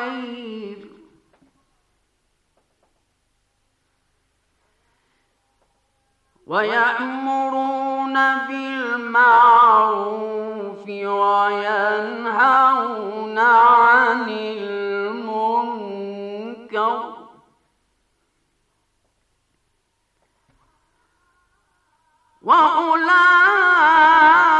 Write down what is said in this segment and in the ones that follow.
خير ويأمرون بالمعروف وينهون عن المنكر وأولئك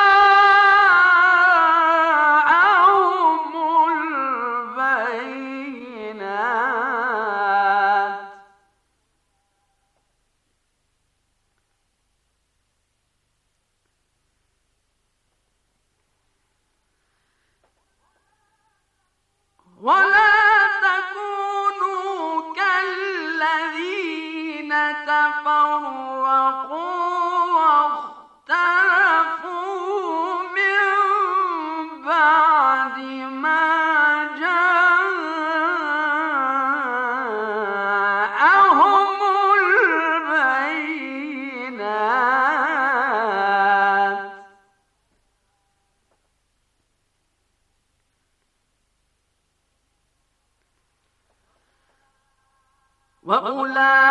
One. فَمَا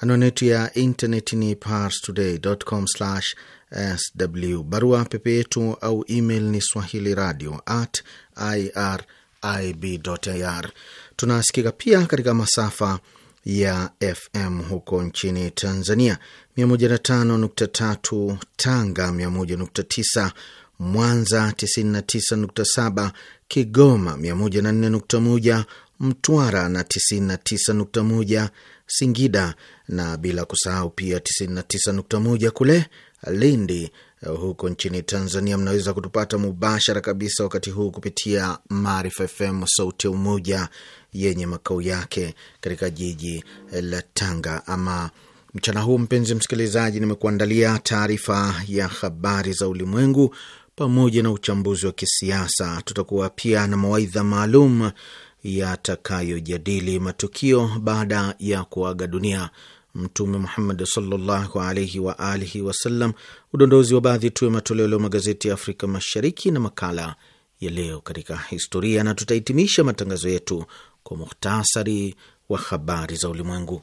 Anwani yetu ya intaneti ni parstoday.com/sw. Barua pepe yetu au email ni swahili radio at irib.ir. Tunasikika pia katika masafa ya FM huko nchini Tanzania, 105.3 Tanga, 101.9 Mwanza, 99.7 Kigoma, 104.1 Mtwara na 99.1 Singida na bila kusahau pia 99.1 kule Lindi huko nchini Tanzania. Mnaweza kutupata mubashara kabisa wakati huu kupitia Maarifa FM sauti ya Umoja yenye makao yake katika jiji la Tanga. Ama mchana huu, mpenzi msikilizaji, nimekuandalia taarifa ya habari za ulimwengu pamoja na uchambuzi wa kisiasa. Tutakuwa pia na mawaidha maalum yatakayojadili matukio baada ya kuaga dunia Mtume Muhammad sallallahu alaihi wa alihi wasallam, udondozi wa baadhi tu ya matoleo leo magazeti ya Afrika Mashariki na makala ya leo katika historia, na tutahitimisha matangazo yetu kwa muhtasari wa habari za ulimwengu.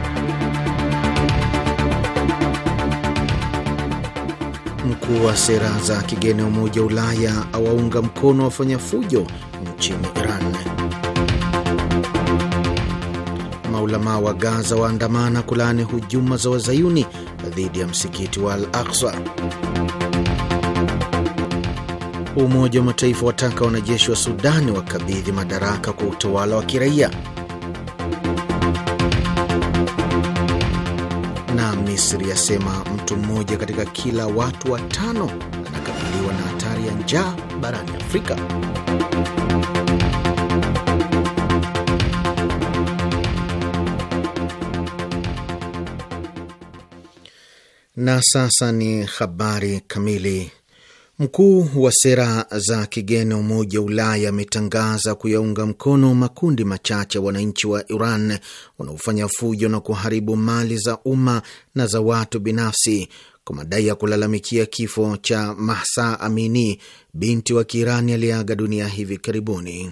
mkuu wa sera za kigeni wa Umoja wa Ulaya awaunga mkono wafanya fujo nchini Iran. Maulamaa wa Gaza waandamana kulaani hujuma za wazayuni dhidi ya msikiti wa Al aksa Umoja wa Mataifa wataka wanajeshi wa Sudani wakabidhi madaraka kwa utawala wa kiraia. Misri yasema mtu mmoja katika kila watu watano anakabiliwa na hatari ya njaa barani Afrika. Na sasa ni habari kamili. Mkuu wa sera za kigeni Umoja wa Ulaya ametangaza kuyaunga mkono makundi machache ya wananchi wa Iran wanaofanya fujo na kuharibu mali za umma na za watu binafsi kwa madai ya kulalamikia kifo cha Mahsa Amini, binti wa Kiirani aliyeaga dunia hivi karibuni.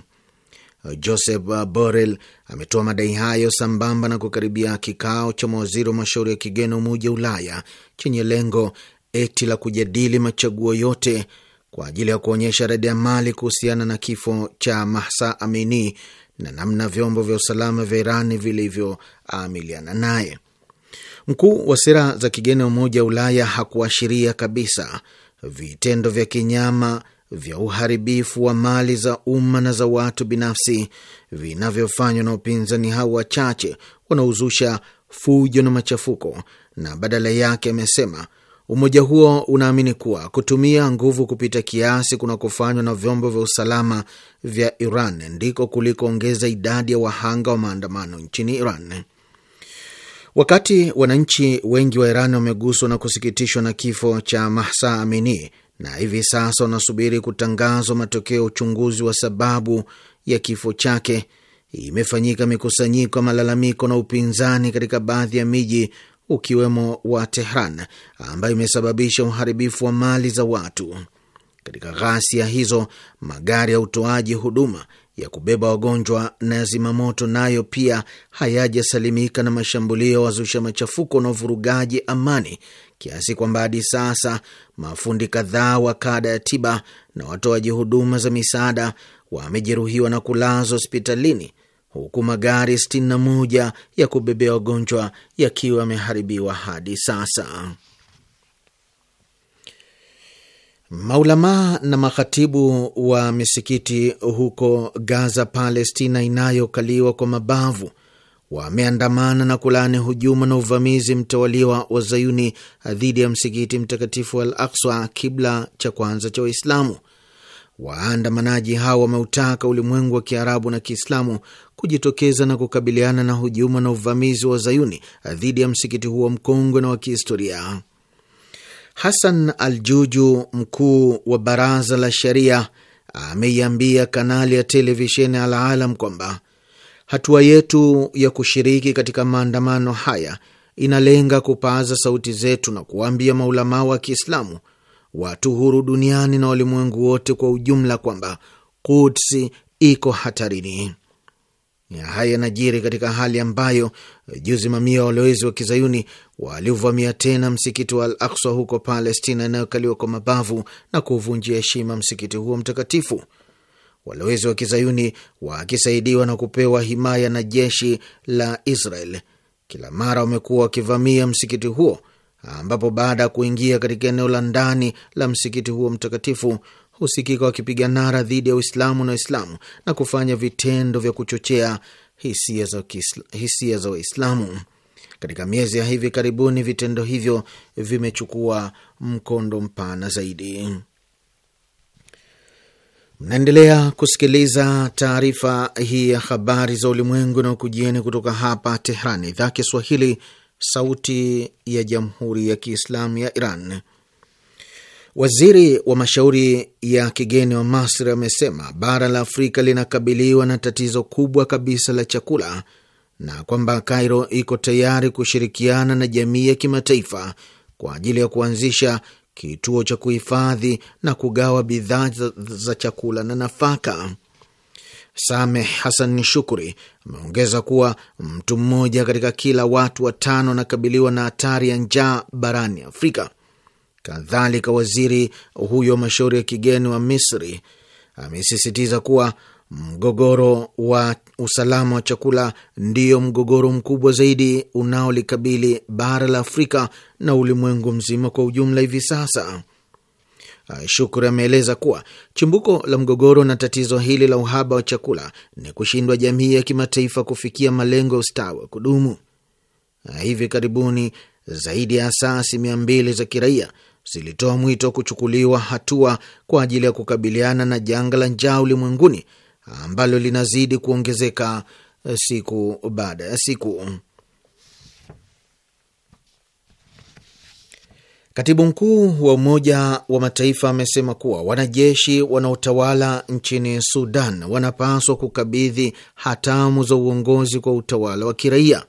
Joseph Borrell ametoa madai hayo sambamba na kukaribia kikao cha mawaziri wa mashauri ya kigeni Umoja wa Ulaya chenye lengo eti la kujadili machaguo yote kwa ajili ya kuonyesha ya mali kuhusiana na kifo cha Mahsa Amini na namna vyombo vya usalama vya Irani vilivyoamiliana naye. Mkuu wa sera za kigeni wa Umoja wa Ulaya hakuashiria kabisa vitendo vya kinyama vya uharibifu wa mali za umma na za watu binafsi vinavyofanywa na upinzani hao wachache wanaozusha fujo na machafuko, na badala yake amesema Umoja huo unaamini kuwa kutumia nguvu kupita kiasi kufanywa na vyombo vya usalama vya Iran ndiko kulikoongeza idadi ya wahanga wa maandamano nchini Iran. Wakati wananchi wengi wa Iran wameguswa na kusikitishwa na kifo cha Mahsa Amini na hivi sasa wanasubiri kutangazwa matokeo ya uchunguzi wa sababu ya kifo chake, imefanyika mikusanyiko ya malalamiko na upinzani katika baadhi ya miji ukiwemo wa Tehran, ambayo imesababisha uharibifu wa mali za watu. Katika ghasia hizo, magari ya utoaji huduma ya kubeba wagonjwa na ya zimamoto nayo pia hayajasalimika na mashambulio ya wazusha machafuko na uvurugaji amani, kiasi kwamba hadi sasa mafundi kadhaa wa kada ya tiba na watoaji huduma za misaada wamejeruhiwa na kulazwa hospitalini huku magari 61 ya kubebea wagonjwa yakiwa yameharibiwa hadi sasa. Maulamaa na makhatibu wa misikiti huko Gaza, Palestina inayokaliwa kwa mabavu wameandamana na kulaani hujuma na uvamizi mtawaliwa wa Zayuni dhidi ya msikiti mtakatifu wa Al Akswa, kibla cha kwanza cha Waislamu. Waandamanaji hao wameutaka ulimwengu wa Kiarabu na Kiislamu kujitokeza na kukabiliana na hujuma na uvamizi wa Zayuni eh, dhidi ya msikiti huo mkongwe na wa kihistoria. Hasan Aljuju, mkuu wa baraza la sheria, ameiambia kanali ya televisheni Al Alam kwamba hatua yetu ya kushiriki katika maandamano haya inalenga kupaaza sauti zetu na kuwaambia maulamaa wa Kiislamu, watu huru duniani na walimwengu wote kwa ujumla kwamba Kudsi iko hatarini. Haya yanajiri katika hali ambayo eh, juzi mamia walowezi wa kizayuni waliovamia tena msikiti wa Al Aksa huko Palestina inayokaliwa kwa mabavu na kuvunjia heshima msikiti huo mtakatifu. Walowezi wa kizayuni wakisaidiwa na kupewa himaya na jeshi la Israel kila mara wamekuwa wakivamia msikiti huo ambapo baada ya kuingia katika eneo la ndani la msikiti huo mtakatifu husikika wakipiga nara dhidi ya Uislamu na Waislamu na kufanya vitendo vya kuchochea hisia za Waislamu. Katika miezi ya hivi karibuni, vitendo hivyo vimechukua mkondo mpana zaidi. Mnaendelea kusikiliza taarifa hii ya habari za ulimwengu na ukujieni kutoka hapa Tehrani, idhaa Kiswahili, sauti ya jamhuri ya kiislamu ya Iran. Waziri wa mashauri ya kigeni wa Masri amesema bara la Afrika linakabiliwa na tatizo kubwa kabisa la chakula na kwamba Kairo iko tayari kushirikiana na jamii ya kimataifa kwa ajili ya kuanzisha kituo cha kuhifadhi na kugawa bidhaa za chakula na nafaka. Sameh Hassan Shukuri ameongeza kuwa mtu mmoja katika kila watu watano anakabiliwa na hatari ya njaa barani Afrika. Kadhalika, waziri huyo mashauri ya kigeni wa Misri amesisitiza kuwa mgogoro wa usalama wa chakula ndiyo mgogoro mkubwa zaidi unaolikabili bara la Afrika na ulimwengu mzima kwa ujumla hivi sasa. shukuri ameeleza kuwa chimbuko la mgogoro na tatizo hili la uhaba wa chakula ni kushindwa jamii ya kimataifa kufikia malengo ya ustawi wa kudumu. Hivi karibuni zaidi ya asasi mia mbili za kiraia zilitoa mwito wa kuchukuliwa hatua kwa ajili ya kukabiliana na janga la njaa ulimwenguni ambalo linazidi kuongezeka eh, siku baada ya siku. Katibu mkuu wa Umoja wa Mataifa amesema kuwa wanajeshi wanaotawala nchini Sudan wanapaswa kukabidhi hatamu za uongozi kwa utawala wa kiraia.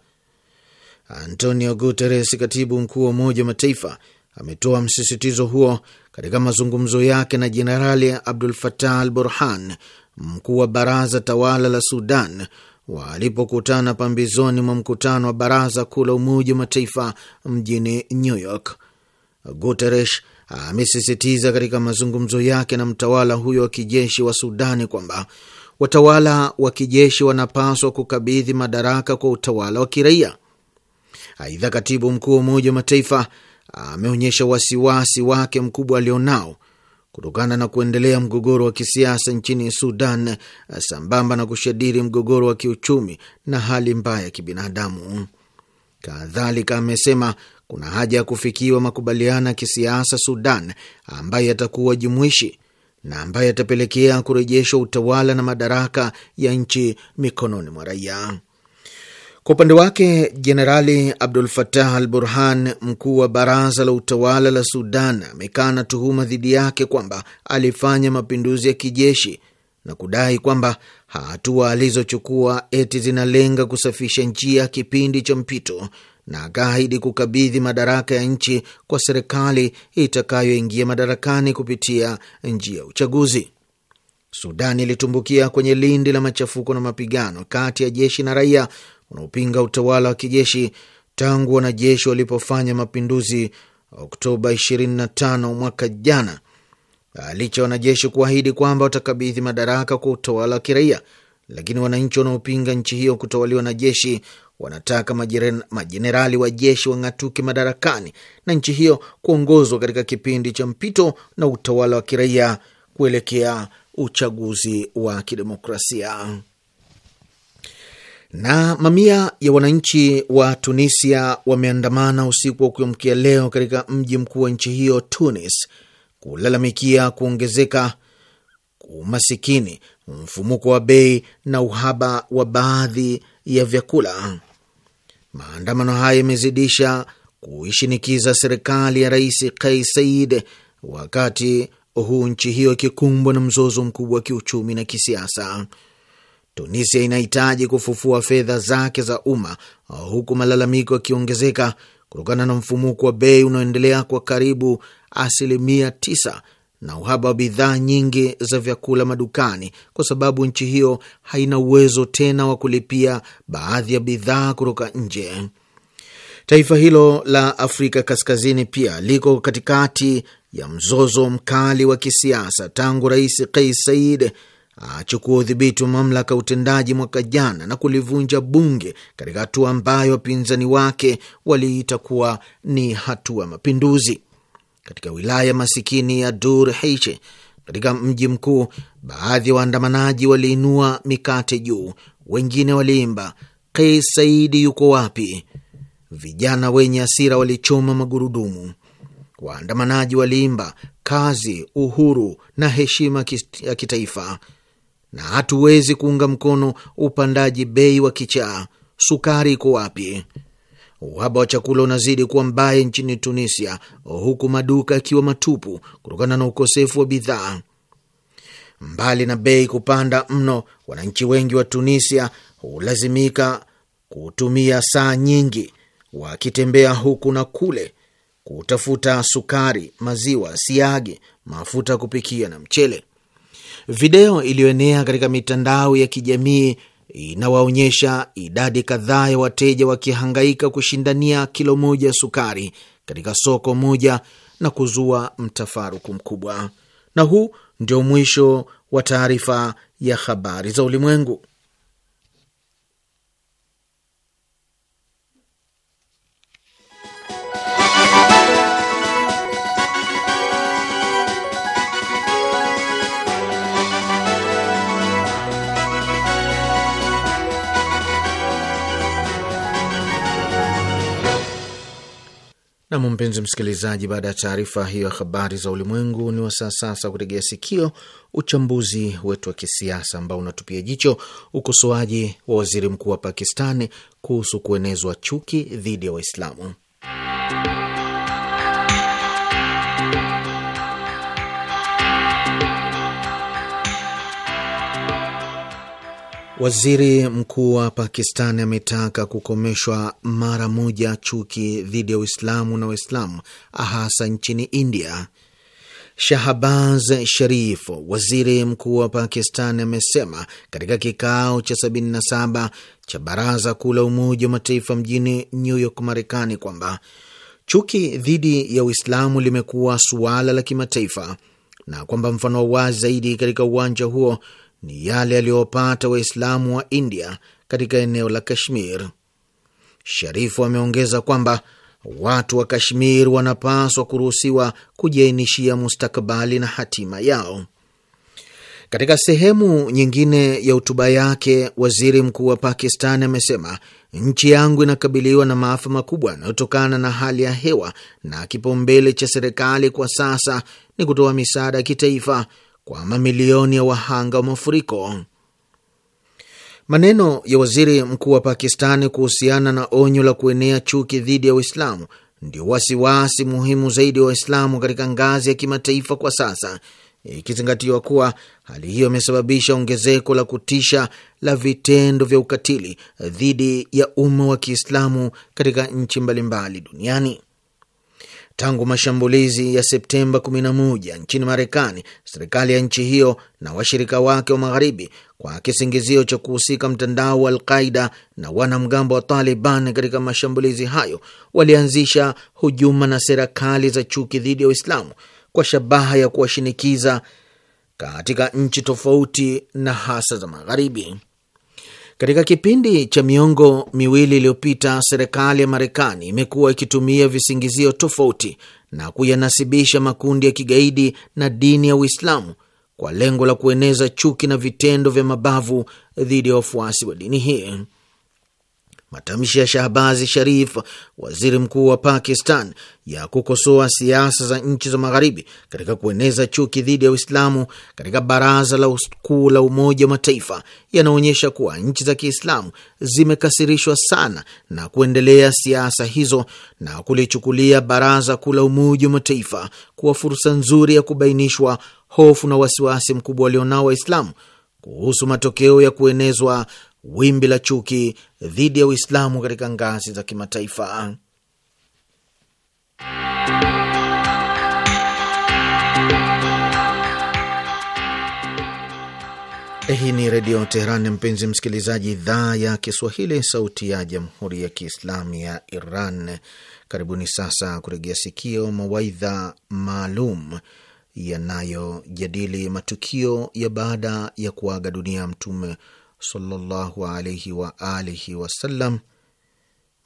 Antonio Guterres, katibu mkuu wa Umoja wa Mataifa, ametoa msisitizo huo katika mazungumzo yake na Jenerali Abdul Fatah al Burhan, mkuu wa baraza tawala la Sudan, walipokutana pambizoni mwa mkutano wa baraza kuu la Umoja wa Mataifa mjini New York. Guterres amesisitiza katika mazungumzo yake na mtawala huyo wa kijeshi wa Sudani kwamba watawala wa kijeshi wanapaswa kukabidhi madaraka kwa utawala wa kiraia Aidha, katibu mkuu wa Umoja wa Mataifa ameonyesha wasiwasi wake mkubwa alionao kutokana na kuendelea mgogoro wa kisiasa nchini Sudan sambamba na kushadiri mgogoro wa kiuchumi na hali mbaya ya kibinadamu. Kadhalika amesema kuna haja ya kufikiwa makubaliano ya kisiasa Sudan ambayo yatakuwa jumuishi na ambayo yatapelekea kurejeshwa utawala na madaraka ya nchi mikononi mwa raia. Kwa upande wake Jenerali Abdul Fatah al Burhan, mkuu wa baraza la utawala la Sudan, amekana tuhuma dhidi yake kwamba alifanya mapinduzi ya kijeshi na kudai kwamba hatua alizochukua eti zinalenga kusafisha njia kipindi cha mpito, na akaahidi kukabidhi madaraka ya nchi kwa serikali itakayoingia madarakani kupitia njia ya uchaguzi. Sudan ilitumbukia kwenye lindi la machafuko na mapigano kati ya jeshi na raia unaopinga utawala wa kijeshi tangu wanajeshi walipofanya mapinduzi Oktoba 25 mwaka jana, licha wanajeshi kuahidi kwamba watakabidhi madaraka kwa utawala wa kiraia, lakini wananchi wanaopinga nchi hiyo kutawaliwa na jeshi wanataka majenerali wa jeshi wang'atuke madarakani na nchi hiyo kuongozwa katika kipindi cha mpito na utawala wa kiraia kuelekea uchaguzi wa kidemokrasia. Na mamia ya wananchi wa Tunisia wameandamana usiku wa kuamkia leo katika mji mkuu wa nchi hiyo Tunis, kulalamikia kuongezeka umasikini, mfumuko wa bei na uhaba wa baadhi ya vyakula. Maandamano haya yamezidisha kuishinikiza serikali ya Rais Kais Saied wakati huu nchi hiyo ikikumbwa na mzozo mkubwa wa kiuchumi na kisiasa. Tunisia inahitaji kufufua fedha zake za umma, huku malalamiko yakiongezeka kutokana na mfumuko wa bei unaoendelea kwa karibu asilimia tisa na uhaba wa bidhaa nyingi za vyakula madukani, kwa sababu nchi hiyo haina uwezo tena wa kulipia baadhi ya bidhaa kutoka nje. Taifa hilo la Afrika Kaskazini pia liko katikati ya mzozo mkali wa kisiasa tangu Rais Kais Saied achukua udhibiti wa mamlaka ya utendaji mwaka jana na kulivunja bunge katika hatua ambayo wapinzani wake waliita kuwa ni hatua mapinduzi. Katika wilaya masikini ya Dur Heiche katika mji mkuu, baadhi ya waandamanaji waliinua mikate juu, wengine waliimba Kais Saidi yuko wapi? Vijana wenye hasira walichoma magurudumu. Waandamanaji waliimba kazi, uhuru na heshima ya kitaifa, na hatuwezi kuunga mkono upandaji bei wa kichaa. Sukari iko wapi? Uhaba wa chakula unazidi kuwa mbaya nchini Tunisia, huku maduka yakiwa matupu kutokana na ukosefu wa bidhaa. Mbali na bei kupanda mno, wananchi wengi wa Tunisia hulazimika kutumia saa nyingi wakitembea huku na kule kutafuta sukari, maziwa, siagi, mafuta kupikia na mchele. Video iliyoenea katika mitandao ya kijamii inawaonyesha idadi kadhaa ya wateja wakihangaika kushindania kilo moja ya sukari katika soko moja na kuzua mtafaruku mkubwa. Na huu ndio mwisho wa taarifa ya habari za ulimwengu. Nam, mpenzi msikilizaji, baada ya taarifa hiyo ya habari za ulimwengu, ni wasaa sasa kutegea sikio uchambuzi wetu wa kisiasa ambao unatupia jicho ukosoaji wa waziri mkuu wa Pakistani kuhusu kuenezwa chuki dhidi ya Waislamu. Waziri mkuu wa Pakistani ametaka kukomeshwa mara moja chuki dhidi ya Uislamu na Waislamu hasa nchini India. Shahbaz Sharif, waziri mkuu wa Pakistani, amesema katika kikao cha 77 cha Baraza Kuu la Umoja wa Mataifa mjini New York, Marekani, kwamba chuki dhidi ya Uislamu limekuwa suala la kimataifa na kwamba mfano wa wazi zaidi katika uwanja huo ni yale yaliyopata Waislamu wa India katika eneo la Kashmir. Sharifu ameongeza kwamba watu wa Kashmir wanapaswa kuruhusiwa kujiainishia mustakabali na hatima yao. Katika sehemu nyingine ya hotuba yake, waziri mkuu wa pakistani amesema nchi yangu inakabiliwa na maafa makubwa yanayotokana na hali ya hewa, na kipaumbele cha serikali kwa sasa ni kutoa misaada ya kitaifa kwa mamilioni ya wahanga wa mafuriko. Maneno ya waziri mkuu wa Pakistani kuhusiana na onyo la kuenea chuki dhidi ya Uislamu ndio wasiwasi muhimu zaidi wa Waislamu katika ngazi ya kimataifa kwa sasa, ikizingatiwa kuwa hali hiyo imesababisha ongezeko la kutisha la vitendo vya ukatili dhidi ya umma wa Kiislamu katika nchi mbalimbali duniani. Tangu mashambulizi ya Septemba 11 nchini Marekani, serikali ya nchi hiyo na washirika wake wa magharibi kwa kisingizio cha kuhusika mtandao wa Alqaida na wanamgambo wa Taliban katika mashambulizi hayo walianzisha hujuma na sera kali za chuki dhidi ya Uislamu kwa shabaha ya kuwashinikiza katika nchi tofauti na hasa za magharibi. Katika kipindi cha miongo miwili iliyopita, serikali ya Marekani imekuwa ikitumia visingizio tofauti na kuyanasibisha makundi ya kigaidi na dini ya Uislamu kwa lengo la kueneza chuki na vitendo vya mabavu dhidi ya wafuasi wa dini hii. Matamshi ya Shahbazi Sharif, waziri mkuu wa Pakistan, ya kukosoa siasa za nchi za Magharibi katika kueneza chuki dhidi ya Uislamu katika Baraza la Kuu la Umoja wa Mataifa yanaonyesha kuwa nchi za Kiislamu zimekasirishwa sana na kuendelea siasa hizo na kulichukulia Baraza Kuu la Umoja wa Mataifa kuwa fursa nzuri ya kubainishwa hofu na wasiwasi mkubwa walionao Waislamu kuhusu matokeo ya kuenezwa wimbi la chuki dhidi ya Uislamu katika ngazi za kimataifa. Hii ni Redio Teheran, mpenzi msikilizaji, idhaa ya Kiswahili, sauti ya jamhuri ya kiislamu ya Iran. Karibuni sasa kuregea sikio mawaidha maalum yanayojadili matukio ya baada ya kuaga dunia Mtume sallallahu alaihi wa alihi wasallam,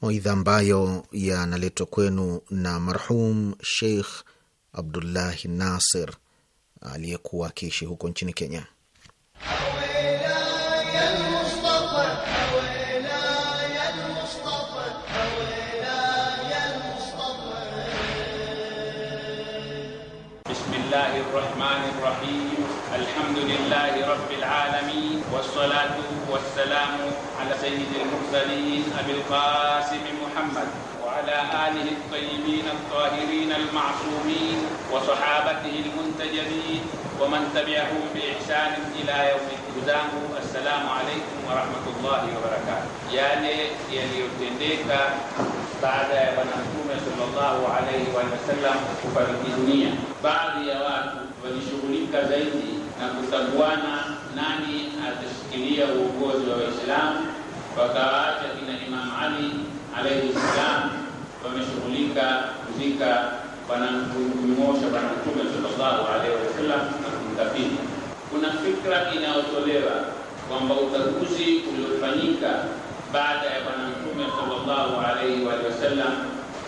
mawaidha ambayo yanaletwa kwenu na marhum Sheikh Abdullahi Nasir aliyekuwa akiishi huko nchini Kenya. Bismillahirrahmanirrahim الحمد لله رب العالمين والصلاة والسلام على سيد المرسلين أبي القاسم محمد وعلى آله الطيبين الطاهرين المعصومين وصحابته المنتجبين ومن تبعهم بإحسان إلى يوم الدين السلام عليكم ورحمة الله وبركاته يعني يلي يتنديك بعد ونحكوم صلى الله عليه وسلم في الدنيا بعد يواتو walishughulika zaidi na kutambuana nani atashikilia uongozi wa Waislamu, wakawaacha kina Imam Ali alaihi ssalam wameshughulika kuzika kumnyosha Bwana Mtume sallallahu alaihi wasallam na kumtafiti. Kuna fikra inayotolewa kwamba utaguzi uliofanyika baada ya Bwana Mtume sallallahu alaihi wasallam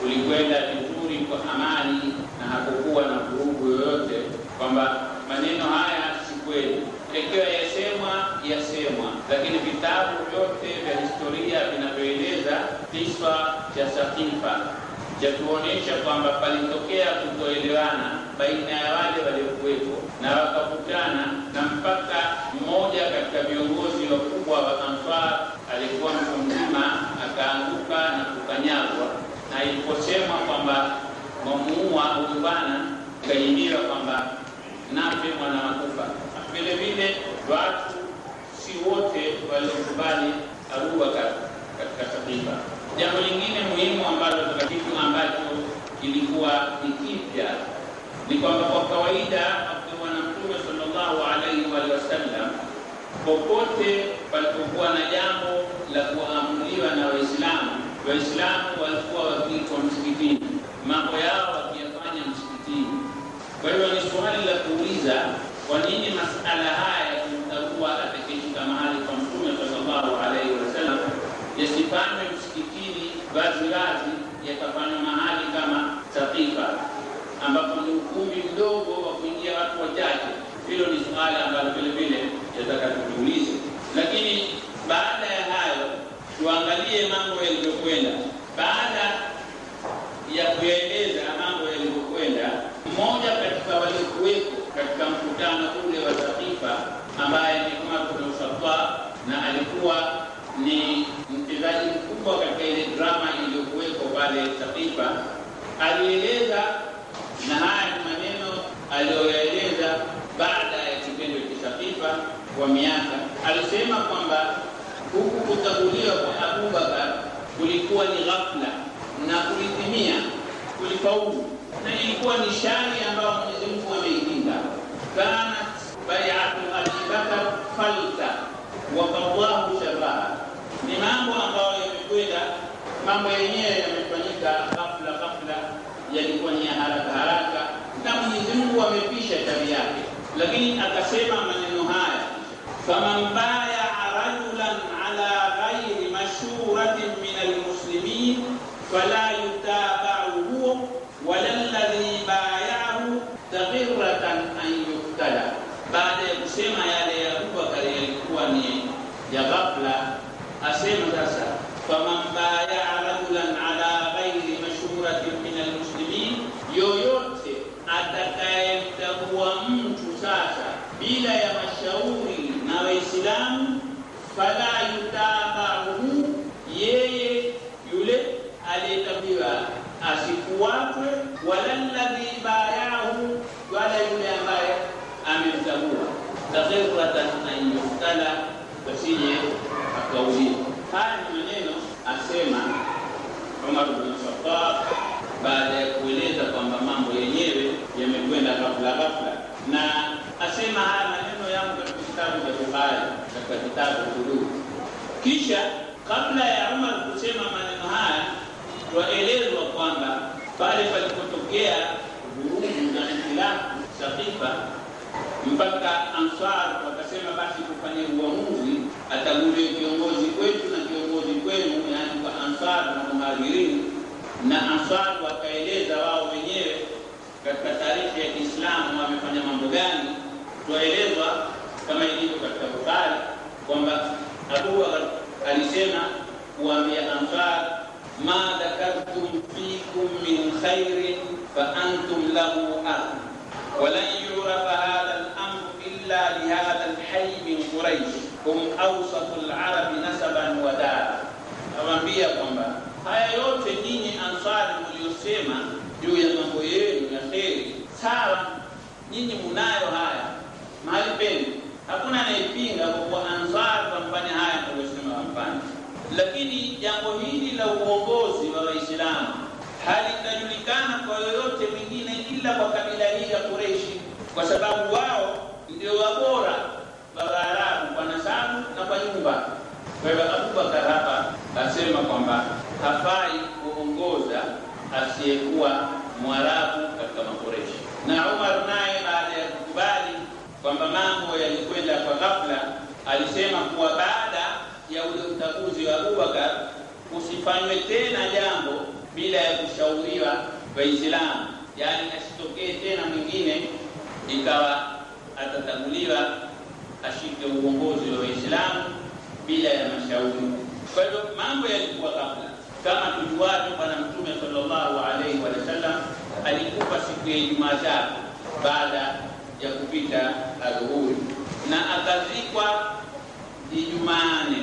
ulikwenda vizuri kwa amani na hakukuwa na vurugu yoyote kwamba maneno haya si kweli, ikiwa yasemwa yasemwa, lakini vitabu vyote vya historia vinavyoeleza kiswa cha Satifa cha kuonyesha kwamba palitokea kutoelewana baina ya wale waliokuwepo na wakakutana, na mpaka mmoja katika viongozi wakubwa wa Ansar alikuwa mtu mzima akaanguka na kukanyagwa, na iliposemwa kwamba wamuua huyu bwana, kwamba mwana wakufa Vile vile watu si wote waliokubali Abubakar katika katiba Jambo lingine muhimu ambalo kitu ambacho kilikuwa ikipya ni kwamba kwa kawaida akimwana Mtume sallallahu alaihi waalihi wasallam popote palipokuwa na jambo la kuamuliwa na Waislamu, Waislamu walikuwa wakiitwa msikitini, mambo yao kwa hiyo ni swali la kuuliza, kwa nini masala haya ya kumtambua mahali kwa Mtume sallallahu alaihi wasallam yasifanywe msikitini vazivazi, yakafanywa mahali kama Satifa ambapo ni ukumbi mdogo wa kuingia watu wachache? Hilo ni swala ambalo vile vile yataka tujiulize, lakini baada mkutano ule wa sakifa ambaye ni Umar bin Khattab na alikuwa ni mchezaji mkubwa katika ile drama iliyokuwepo pale sakifa alieleza na haya maneno aliyoyaeleza baada ya kipindi cha Takifa kwa miaka, alisema kwamba huku kuchaguliwa kwa Abubakar kulikuwa ni ghafla na kulitimia, kulifaulu na ilikuwa ni shari ambayo Mwenyezi Mungu ameikinga كانت بيعة أبي بكر فلتة وقضاه شرها لمامو أقوى يمكويدا مامو ينية يمكويدا قفلة قفلة يلقوني هارك هارك نعم يزنه ومبيشة تبياك لكن أكسيما من النهاية فمن بايع رجلا على غير مشورة من المسلمين فلا asije akaumia. Haya ni maneno asema Umar bin Khattab baada ya kueleza kwamba mambo yenyewe yamekwenda ghafla ghafla, na asema haya maneno yamo katika kitabu cha Bukhari, katika kitabu Hudud. Kisha kabla ya Umar kusema maneno haya, twaelezwa kwamba pale palipotokea vurugu na hitilafu Sakifa, mpaka Ansar wakasema basi tufanye uamuzi atagulie kiongozi kwetu na kiongozi kwenu, yaani kwa Ansar na Muhajirini, na Ansar wakaeleza wao wenyewe katika taarifa ya Kiislamu wamefanya mambo gani. Twaelezwa kama ilivyo katika Bukhari kwamba Abu alisema kuambia Ansar, ma dhakartum fikum min khairin fa antum lahu ahlu walan yurafa hadha al-amru illa lihadha al-hayy min Quraish hum awsatul arabi nasaban wa dara, nawaambia kwamba haya yote nyinyi Ansari mliyosema juu ya mambo yenu ya kheri, sawa, nyinyi munayo haya mahali penu, hakuna anayepinga kwa kuwa Ansari wamfanya haya mliyosema wamfanya. Lakini jambo hili la uongozi wa Waislamu halitajulikana kwa yoyote mwingine ila kwa kabila hili la Kureishi, kwa sababu wao ndio wabora Waarabu kwa nasabu na kwa nyumba. Kwa hivyo Abubakar hapa asema kwamba hafai kuongoza asiyekuwa Mwarabu katika Makoreshi, na Umar naye baada ya kukubali kwamba mambo yalikwenda kwa ghafla, alisema kuwa baada ya ule uchaguzi wa Abubakar usifanywe tena jambo bila ya kushauriwa Waislamu, yaani asitokee tena mwingine ikawa atatanguliwa ashike uongozi wa Waislamu bila ya mashauri. Kwa hivyo mambo yalikuwa ghafla, kama tujuavyo, Bwana Mtume sallallahu alaihi sallam alikufa siku ya Jumatatu baada ya kupita adhuhuri na akazikwa Ijumanne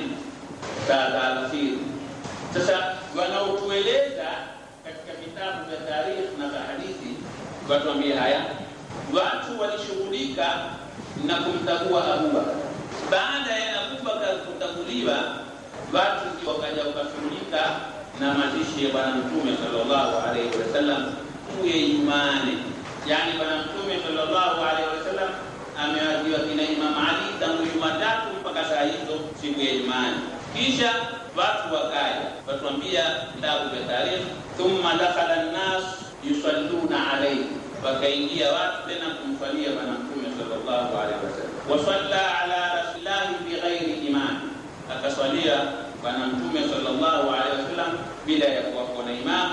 baada ya alasiri. Sasa wanaotueleza katika vitabu vya tarikhi na vya hadithi watuambia haya, watu walishughulika na kumtagua Abubakar. Baada ya Abubakar kutaguliwa, watu wakaja wakashughulika na mazishi ya Bwana Mtume sallallahu alaihi wasallam kuye Jumane, yaani Bwana Mtume sallallahu alaihi wasallam amewaziwa kina Imam Ali tangu Jumatatu mpaka saa hizo siku ya Jumane. Kisha watu wakaja watuambia vitabu vya tarehe, thumma dakhala nnas yusalluna alayhi, wakaingia watu tena kumswalia Bwana Mtume صلى الله عليه وسلم وصلى على رسول الله بغير imani akasalia bwana mtume sallallahu alaihi wasallam bila ya kuwapo na imam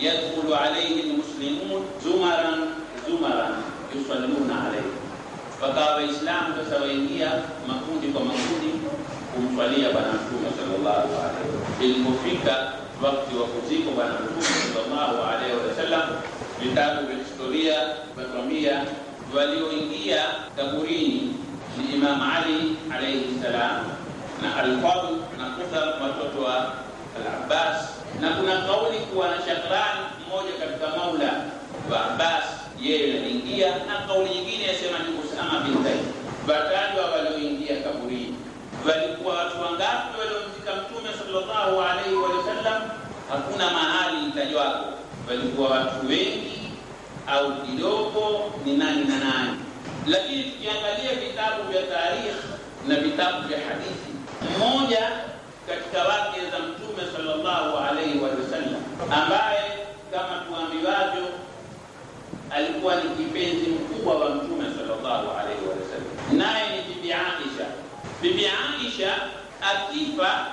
yadkhulu alaihi lmuslimun zumaran zumaran yusalluna alaihi wakawa waislamu sasa waingia makundi kwa makundi kumswalia bwana mtume sallallahu alaihi ilipofika wakati wa kuziko bwana mtume sallallahu alaihi wasallam vitabu vya historia vakwambia walioingia kaburini ni Imam Ali alayhi salam na al na Qutham watoto wa Al-Abbas, na kuna kauli kuwa na Shakran mmoja katika maula wa Abbas yeye anaingia, na kauli nyingine yasema ni Usama bin Zaid. Watajwa walioingia kaburini walikuwa watu wangapi waliomzika Mtume sallallahu alaihi wasallam? Hakuna mahali itajwako, walikuwa watu wengi au kidogo ni nani na nani. Lakini tukiangalia vitabu vya tarikhi na vitabu vya hadithi, mmoja katika wake za Mtume sallallahu alaihi wasallam, ambaye kama tuambiwavyo alikuwa ni kipenzi mkubwa wa Mtume sallallahu alaihi wasallam, naye ni Bibi Aisha. Bibi Aisha akifa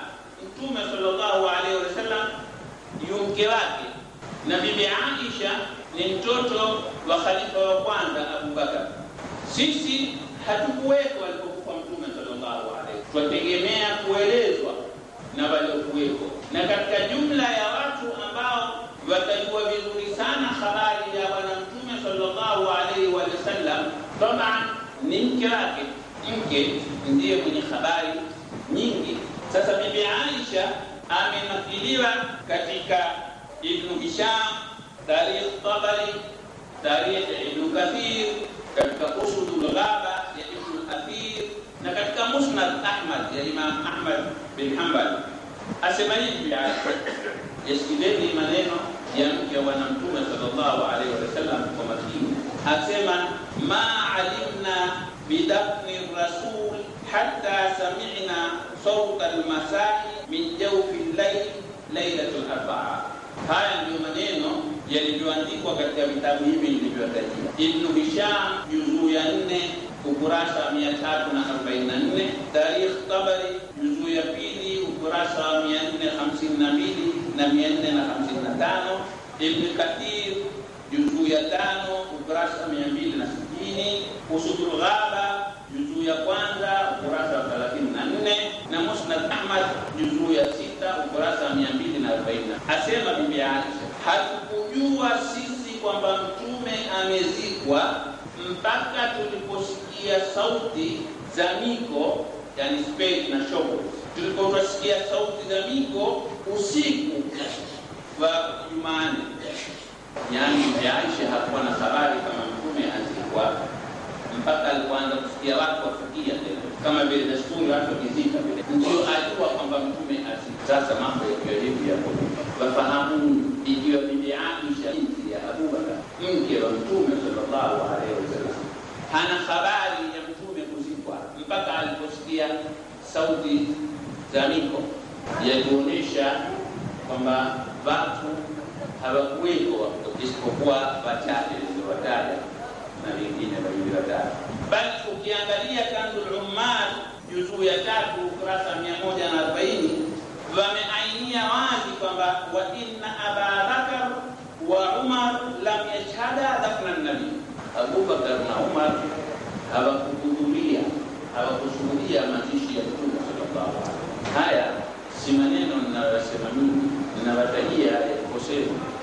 Mtume sallallahu alaihi wasallam yu wake, na Bibi Aisha ni mtoto wa khalifa wa kwanza Abubakar. Sisi hatukuwepo alipokufa Mtume sallallahu alaihi, twategemea kuelezwa na waliokuweko, na katika jumla ya watu ambao watajua vizuri sana habari ya bwana Mtume sallallahu alaihi wasallam, tabaan ni mke wake. Mke ndiye mwenye habari nyingi. Sasa Bibi Aisha amenakiliwa katika Ibnu Hisham تاريخ طبري تاريخ ابن كثير كتك أسد الغابة يا ابن الأثير نكتك مسند أحمد يا إمام أحمد بن حنبل أسمعين في عائلة يسكدين منينو يمكي ونمتوم صلى الله عليه وسلم ومسكين أسمع ما علمنا بدفن الرسول حتى سمعنا صوت المساء من جوف الليل ليلة الأربعاء Haya ndiyo maneno yalivyoandikwa katika vitabu hivi nilivyotajia. Ibnu Hisham juzuu ya nne ukurasa wa mia tatu na arobaini na nne Tarikh Tabari juzuu ya pili ukurasa wa mia nne hamsini na mbili na mia nne na hamsini na tano Ibnu Kathir juzuu ya tano ukurasa mia mbili na sitini Usulul Ghaba juzuu ya kwanza ukurasa wa 34 na Musnad Ahmad juzuu ya sita ukurasa wa 240. Asema bibi Aisha, hatukujua sisi kwamba mtume amezikwa mpaka tuliposikia sauti za miko, yani spade na shovel. Tulipotasikia sauti za miko usiku wa Jumanne, yani bibi Aisha hakuwa na habari kama mtume azikwa mpaka alipoanza kusikia watu wafikia kama vile desturi watu wakizika ndio ajua kwamba mtume asi. Sasa mambo yakiwa hivi yako wafahamu, ikiwa bibi Aisha binti ya Abubakar mke wa mtume sallallahu alaihi wasallam hana habari ya mtume kuzikwa mpaka aliposikia sauti za miko yakuonyesha kwamba watu hawakuweko isipokuwa wachache zilizowataja na vingine mawili tatu, Bali ukiangalia Kanzul Ummal juzuu ya tatu ukurasa 140 wameainia wazi kwamba wa inna Aba Bakar wa Umar lam yashhada dafna nabii, Abubakar na Umar hawakuhudhuria hawakushuhudia mazishi ya Mtume sallallahu alaihi wasallam. Haya si maneno ninayosema mimi, ninawatajia ya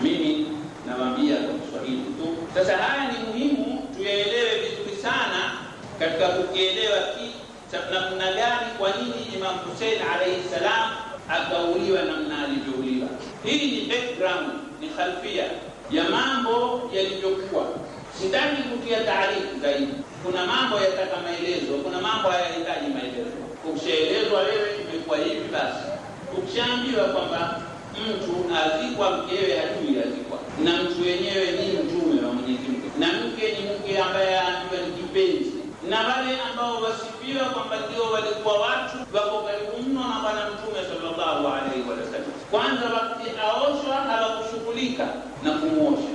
mimi, nawaambia kwa Kiswahili tu. Sasa haya ni muhimu tuyaelewe vizuri sana katika kukielewa namna gani, kwa nini Imam Hussein alayhi salam akauliwa namna alivyouliwa. Hii ni background, ni khalfia ya mambo yalivyokuwa. Sitaki kutia taarifu zaidi. Kuna mambo yataka maelezo, kuna mambo hayahitaji maelezo. Ukishaelezwa wewe imekuwa hivi, basi ukishaambiwa kwamba mtu azikwa, mkewe hajui azikwa, na mtu wenyewe ni mtume wa Mwenyezi Mungu na mke ni mke ambaye anajua ni kipenzi, na wale ambao wasifiwa kwamba ndio walikuwa watu wako karibu mno na Bwana Mtume sallallahu alaihi wasallam, kwanza wakati aoshwa hawakushughulika na kumwosha,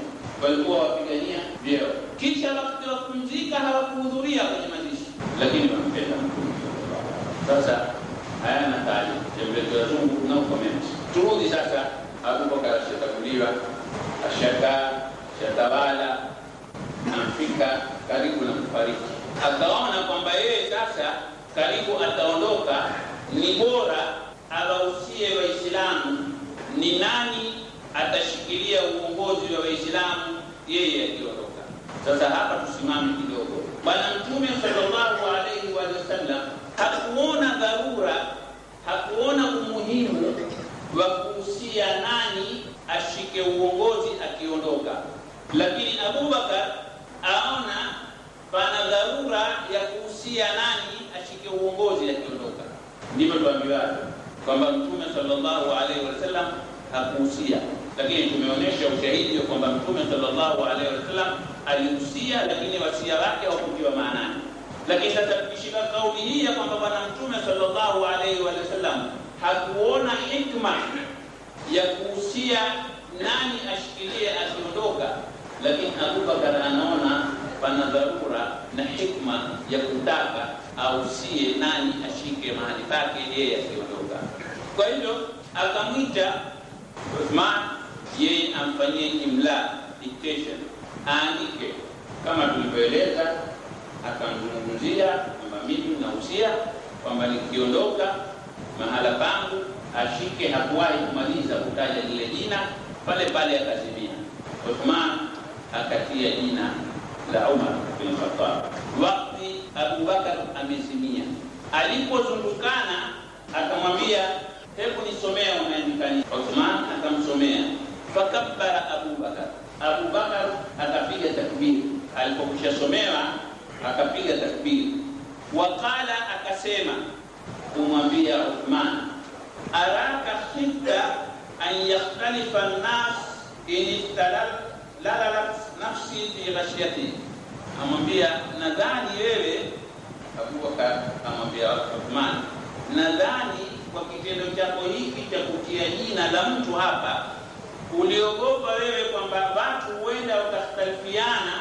walikuwa wapigania vyeo, kisha wakati wa kupumzika hawakuhudhuria kwenye mazishi, lakini wampenda Mtume. Sasa haya ya zungu no ukomenti. Turudi sasa, Abubakar ashatakuliwa, ashakaa, ashatawala anafika karibu na kufariki. Akaona kwamba yeye sasa karibu ataondoka, ni bora awahusie Waislamu ni nani atashikilia uongozi wa Waislamu yeye akiondoka. Sasa hapa tusimame kidogo. Bwana Mtume sallallahu alaihi wasallam hakuona dharura, hakuona umuhimu wa kuhusia nani ashike uongozi akiondoka, lakini Abubakar aona pana dharura ya kuhusia nani ashike uongozi akiondoka. Ndivyo tuambiwavyo kwamba Mtume sallallahu alaihi wasallam hakuhusia, lakini tumeonyesha ushahidi kwamba Mtume sallallahu alaihi wasallam alihusia, lakini wasia wake haukutiwa maanani. Lakini sasa tukishika kauli hii ya kwamba Bwana Mtume sallallahu alaihi wasallam hakuona hikma ya kuhusia nani ashikilie akiondoka lakini Abubakar anaona pana dharura na hikma ya kutaka ausie nani ashike mahali pake yeye akiondoka. Kwa hivyo akamwita Uthman, yeye amfanyie imla dictation, aandike kama tulivyoeleza. Akamzungumzia kwamba mimi nausia kwamba nikiondoka mahala pangu ashike, hakuwahi kumaliza kutaja lile jina, pale pale akazimia Uthman akatia jina la Umar bin Khattab wakati Abubakar amezimia. Alipozungukana akamwambia, hebu nisomea umeandikani. Uthman akamsomea, fakabbara Abubakar. Abubakar akapiga takbiri, alipokusha somewa akapiga takbiri. Waqala akasema kumwambia Uthman, araka khifta an yakhtalifa an-nas in ikhtalaf lala nafsi fi ghashiyati, amwambia nadhani wewe. Abubakar amwambia Uthman, nadhani kwa kitendo chako hiki cha kutia jina la mtu hapa uliogopa wewe kwamba watu huenda wakakhtalifiana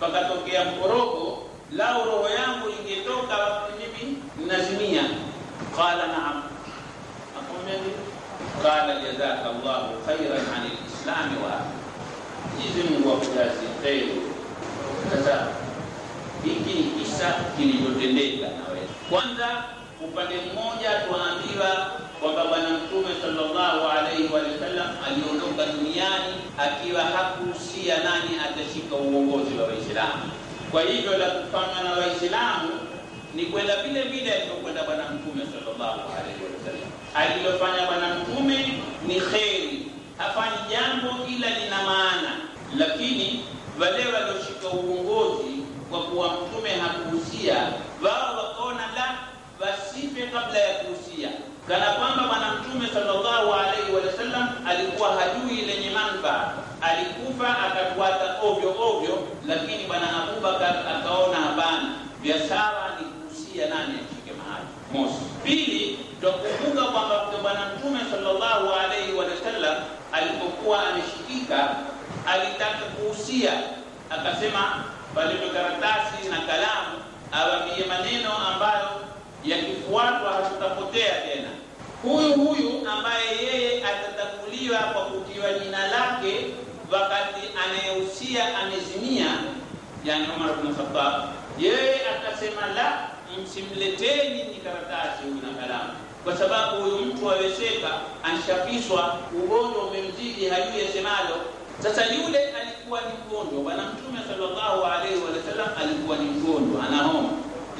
pakatokea mkorogo, lau roho yangu ingetoka mimi nazimia. Qala naam, akamwambia qala jazaka Allahu khairan anil lislami wa ahli Mwenyezi Mungu akujazi kheri. Sasa hiki ni kisa kilichotendeka na wewe. Kwanza upande mmoja tuambiwa kwamba Bwana Mtume sallallahu alaihi wasallam aliondoka duniani akiwa hakuhusia nani atashika uongozi wa Waislamu. Kwa hivyo la kufanya na Waislamu ni kwenda vile vile alivyokwenda Bwana Mtume sallallahu alaihi wasallam. Alilofanya Bwana Mtume ni kheri hafanyi jambo ila lina maana. Lakini wale walioshika uongozi kwa kuwa mtume hakuhusia, wao wakaona la wasipe kabla ya kuhusia, kana kwamba bwana mtume sallallahu alaihi sallam alikuwa hajui lenye manfa alikufa akatuata ovyo ovyo. Lakini bwana Abubakar akaona hapana, vya sawa ni kuhusia, nani ashike mahali mosi. Pili, twakumbuka kwamba bwana mtume sallallahu alaihi sallam alipokuwa ameshikika alitaka kuhusia, akasema palete karatasi na kalamu, awambie maneno ambayo yakifuatwa hatutapotea tena. Huyu huyu ambaye yeye atatanguliwa kwa kutiwa jina lake wakati anayehusia amezimia, yani Umar bin Khattab, yeye akasema la, msimleteni ni karatasi na kalamu kwa sababu huyu mtu aweseka anshafishwa, ugonjwa umemzidi, hajui yasemalo. Sasa yule alikuwa ni mgonjwa, Bwana Mtume sallallahu alaihi wasallam alikuwa ni mgonjwa, ana homa,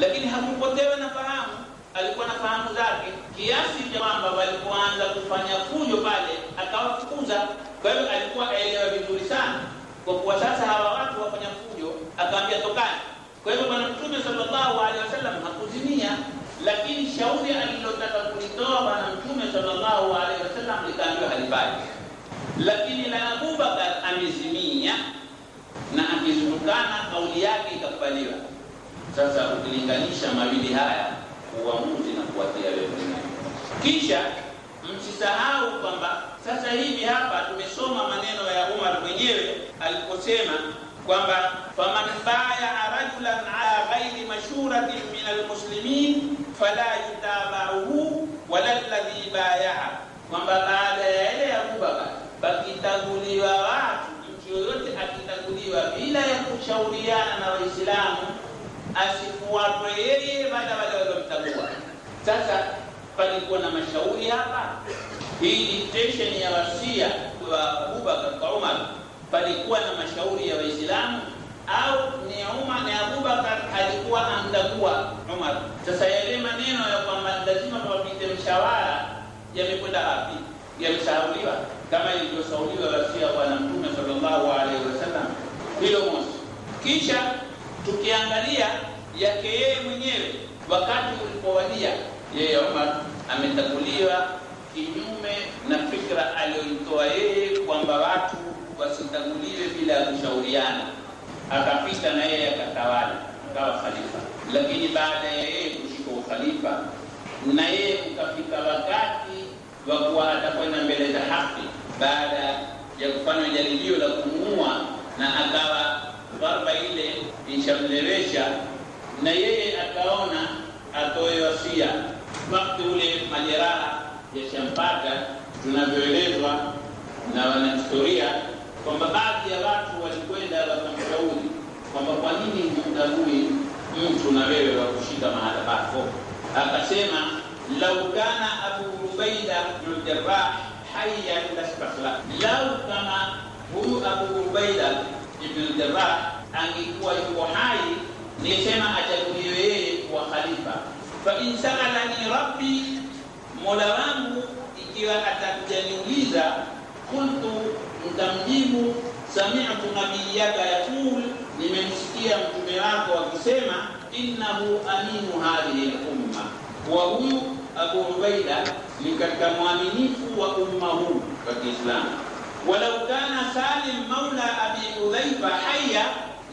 lakini hakupotewa na fahamu, alikuwa na fahamu zake kiasi cha kwamba walipoanza kufanya fujo pale akawafukuza. Kwa hiyo alikuwa aelewa vizuri sana, kwa kuwa sasa hawa watu wafanya fujo, akawambia tokani. Kwa hivyo Bwana Mtume sallallahu alaihi wasallam hakuzinia lakini shauri alilotaka kulitoa bwana mtume sallallahu alaihi wasallam likaambiwa halifai lakini na abubakar amezimia na akizundukana kauli yake ikakubaliwa sasa ukilinganisha mawili haya uamuzi na kuwatia wewe kisha msisahau kwamba sasa hivi hapa tumesoma maneno ya umar mwenyewe aliposema kwamba faman baya rajulan ala ghairi mashuratin min almuslimin fala yutabauhu wala alladhi bayaa, kwamba baada ya ile ya Abubakar pakitanguliwa watu, mtu yoyote akitanguliwa bila ya kushauriana na Waislamu asifuatwe yeye baada wale waliomtangua. Sasa palikuwa na mashauri hapa, hii dictation ya wasia wa Abubakar kwa Umar, palikuwa na mashauri ya Waislamu au ni Umar ni Abubakar alikuwa amdagua Umar. Sasa yale maneno ya kwamba lazima tuwapite mshawara yamekwenda wapi? Yamesahauliwa kama ilivyosauliwa wasia Bwana Mtume sallallahu alaihi wasallam. Hilo mosi. Kisha tukiangalia yake yeye mwenyewe, wakati ulipowadia, yeye Umar ametanguliwa kinyume na fikra aliyoitoa yeye kwamba watu wasitanguliwe bila ya kushauriana akapita na yeye akatawala akawa khalifa. Lakini baada ya yeye kushika ukhalifa, na yeye ukafika wakati wa kuwa atakwenda mbele za haki baada ya kufanya jaribio la kumuua, na akawa dharba ile ishamlewesha, na yeye akaona atoe wasia wakati ule majeraha yashampata, tunavyoelezwa na wanahistoria kwamba baadhi ya watu walikwenda wakamshauri kwamba kwa nini humchagui mtu na wewe wa kushika mahala pako? Akasema, lau kana Abu Ubaida bin Jarrah haya lastakhla, lau kama huyu Abu Ubaida ibn Jarrah angekuwa yuko hai, nisema achaguliwe yeye kuwa khalifa. Fa in rabbi, mola wangu ikiwa atakujaniuliza قلت متمجيب سمعت نبيك يقول لمن لمنسكي متمراك وكسيما إنه أمين هذه الأمة وهو أبو عبيدة لكتك مؤمنيك وأمه كالإسلام ولو كان سالم مولى أبي حذيفة حيا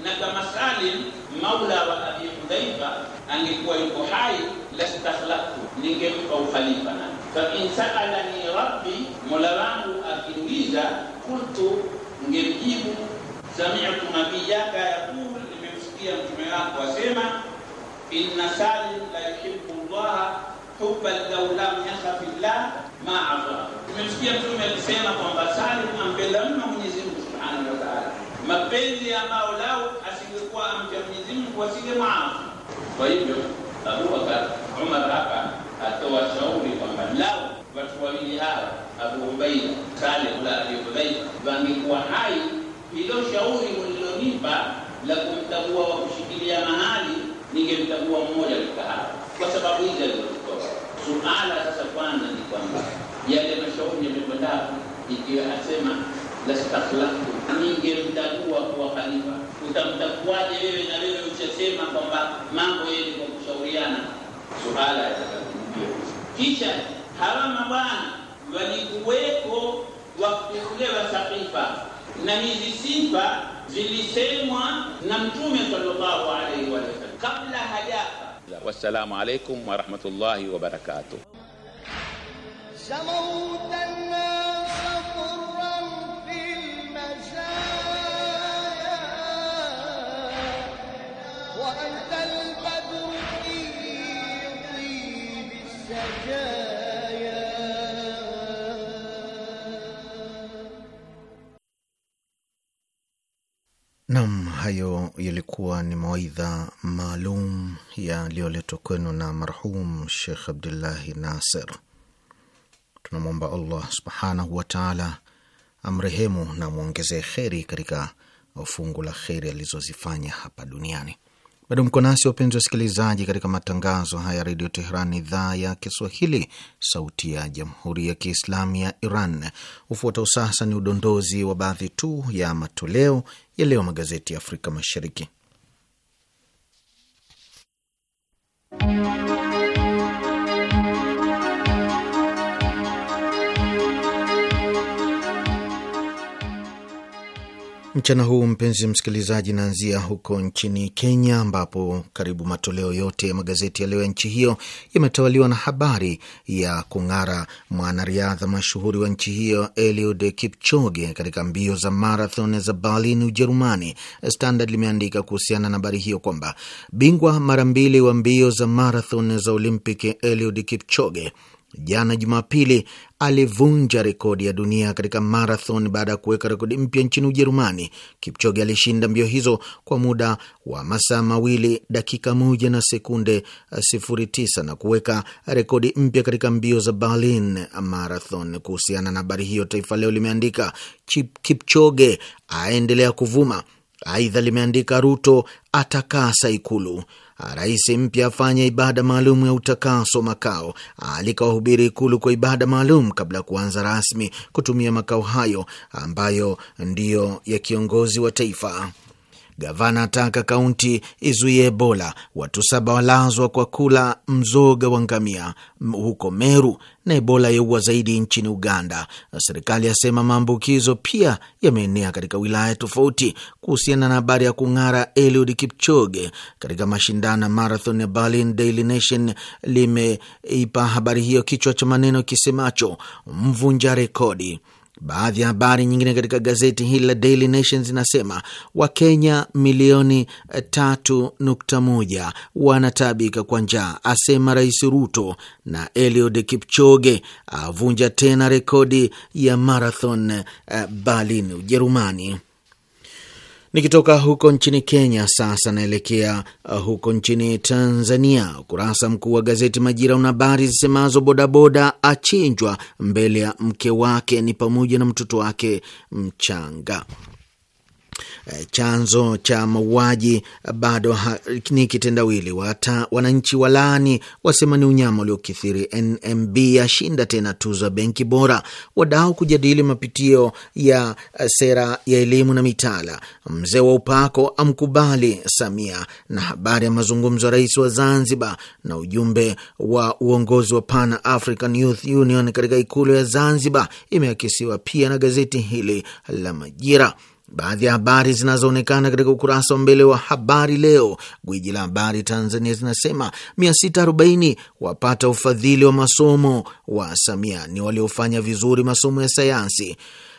نكما سالم مولى وأبي حذيفة أن يكون حي لست خلقت نجم أو خليفة فإن سألني ربي ملوانه Muuliza kultu, ungemjibu sami'tu nabiyaka yaqul, nimemsikia mtume wako asema, inna salim la yuhibbu Allah hubban law lam yakhafi Allah ma afa. Nimemsikia mtume akisema kwamba salim ampenda mno Mwenyezi Mungu subhanahu wa ta'ala, mapenzi ambayo lau asingekuwa amcha Mwenyezi Mungu asingemwaafu. Kwa hivyo Abubakar Umar hapa atoa shauri kwamba lau watu wawili hawa Abu Ubaida kula na Abi Ubaida wangekuwa hai, ilo shauri ulilonipa la kumtagua wa kushikilia mahali, ningemtagua mmoja katika hawa kwa sababu hizi alizotoa. Suala sasa kwanza ni kwamba yale mashauri yamekwenda, ikiwa asema lastaklaftu, ningemtagua kuwa khalifa, utamtakuaje wewe? Na wewe uchasema kwamba mambo yeni kwa kushauriana, suala yatakakuja kisha hawa mabwana walikuweko wakati ule wa Sakifa, na hizi sifa zilisemwa na Mtume sallallahu alaihi wasallam kabla hajafa. Wassalamu alaikum warahmatullahi wabarakatuh. شموت الناس ضرا في Nam, hayo yalikuwa ni mawaidha maalum yaliyoletwa kwenu na marhum Shekh Abdullahi Nasir. Tunamwomba Allah subhanahu wataala amrehemu na mwongezee kheri katika fungu la kheri alizozifanya hapa duniani. Bado mko nasi wapenzi wasikilizaji, katika matangazo haya redio Tehran, idhaa ya Kiswahili, sauti ya jamhuri ya kiislamu ya Iran. Ufuatao sasa ni udondozi wa baadhi tu ya matoleo ya leo magazeti ya Afrika Mashariki. mchana huu, mpenzi msikilizaji, naanzia huko nchini Kenya ambapo karibu matoleo yote ya magazeti ya leo ya nchi hiyo yametawaliwa na habari ya kung'ara mwanariadha mashuhuri wa nchi hiyo Eliud Kipchoge katika mbio za marathon za Berlin, Ujerumani. Standard limeandika kuhusiana na habari hiyo kwamba bingwa mara mbili wa mbio za marathon za olympic Eliud Kipchoge jana Jumapili alivunja rekodi ya dunia katika marathon baada ya kuweka rekodi mpya nchini Ujerumani. Kipchoge alishinda mbio hizo kwa muda wa masaa mawili dakika moja na sekunde eh, sifuri tisa na kuweka rekodi mpya katika mbio za Berlin Marathon. Kuhusiana na habari hiyo, Taifa Leo limeandika Kipchoge aendelea kuvuma. Aidha limeandika Ruto atakasa Ikulu. Ah, rais mpya afanya ibada maalum ya utakaso Makao. Ah, Alika wahubiri Ikulu kwa ibada maalum kabla ya kuanza rasmi kutumia makao hayo ambayo ndiyo ya kiongozi wa taifa. Gavana ataka kaunti izuie Ebola. Watu saba walazwa kwa kula mzoga wa ngamia huko Meru. Na Ebola yaua zaidi nchini Uganda. Serikali yasema maambukizo pia yameenea katika wilaya tofauti. Kuhusiana na habari ya kung'ara Eliud Kipchoge katika mashindano ya marathon ya Berlin, Daily Nation limeipa habari hiyo kichwa cha maneno kisemacho mvunja rekodi Baadhi ya habari nyingine katika gazeti hili la Daily Nation zinasema Wakenya milioni 3.1 wanataabika kwa njaa, asema Rais Ruto, na Eliud Kipchoge avunja tena rekodi ya marathon eh, Berlin, Ujerumani. Nikitoka huko nchini Kenya sasa naelekea uh, huko nchini Tanzania. Ukurasa mkuu wa gazeti Majira una habari zisemazo bodaboda achinjwa mbele ya mke wake, ni pamoja na mtoto wake mchanga. Eh, chanzo cha mauaji bado ni kitendawili. wananchi walaani wasema ni unyama uliokithiri. NMB yashinda tena tuzo ya benki bora. Wadau kujadili mapitio ya eh, sera ya elimu na mitaala. Mzee wa upako amkubali Samia, na habari ya mazungumzo ya rais wa Zanzibar na ujumbe wa uongozi wa Pan African Youth Union katika ikulu ya Zanzibar imeakisiwa pia na gazeti hili la Majira. Baadhi ya habari zinazoonekana katika ukurasa wa mbele wa Habari Leo, gwiji la habari Tanzania, zinasema 640 wapata ufadhili wa masomo wa Samia, ni waliofanya vizuri masomo ya sayansi.